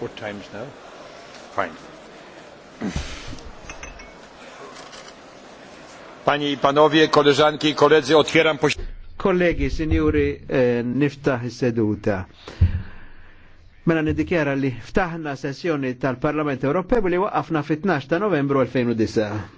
What time's now? Fine. Panie i panowie, koleżanki i koledzy, otwieram posiedzenie. Kollegi, signori, eh, niftaħ seduta. Mela nidikjara li ftaħna sessjoni tal-Parlament Ewropew li waqafna fit-12 ta' novembru 2009.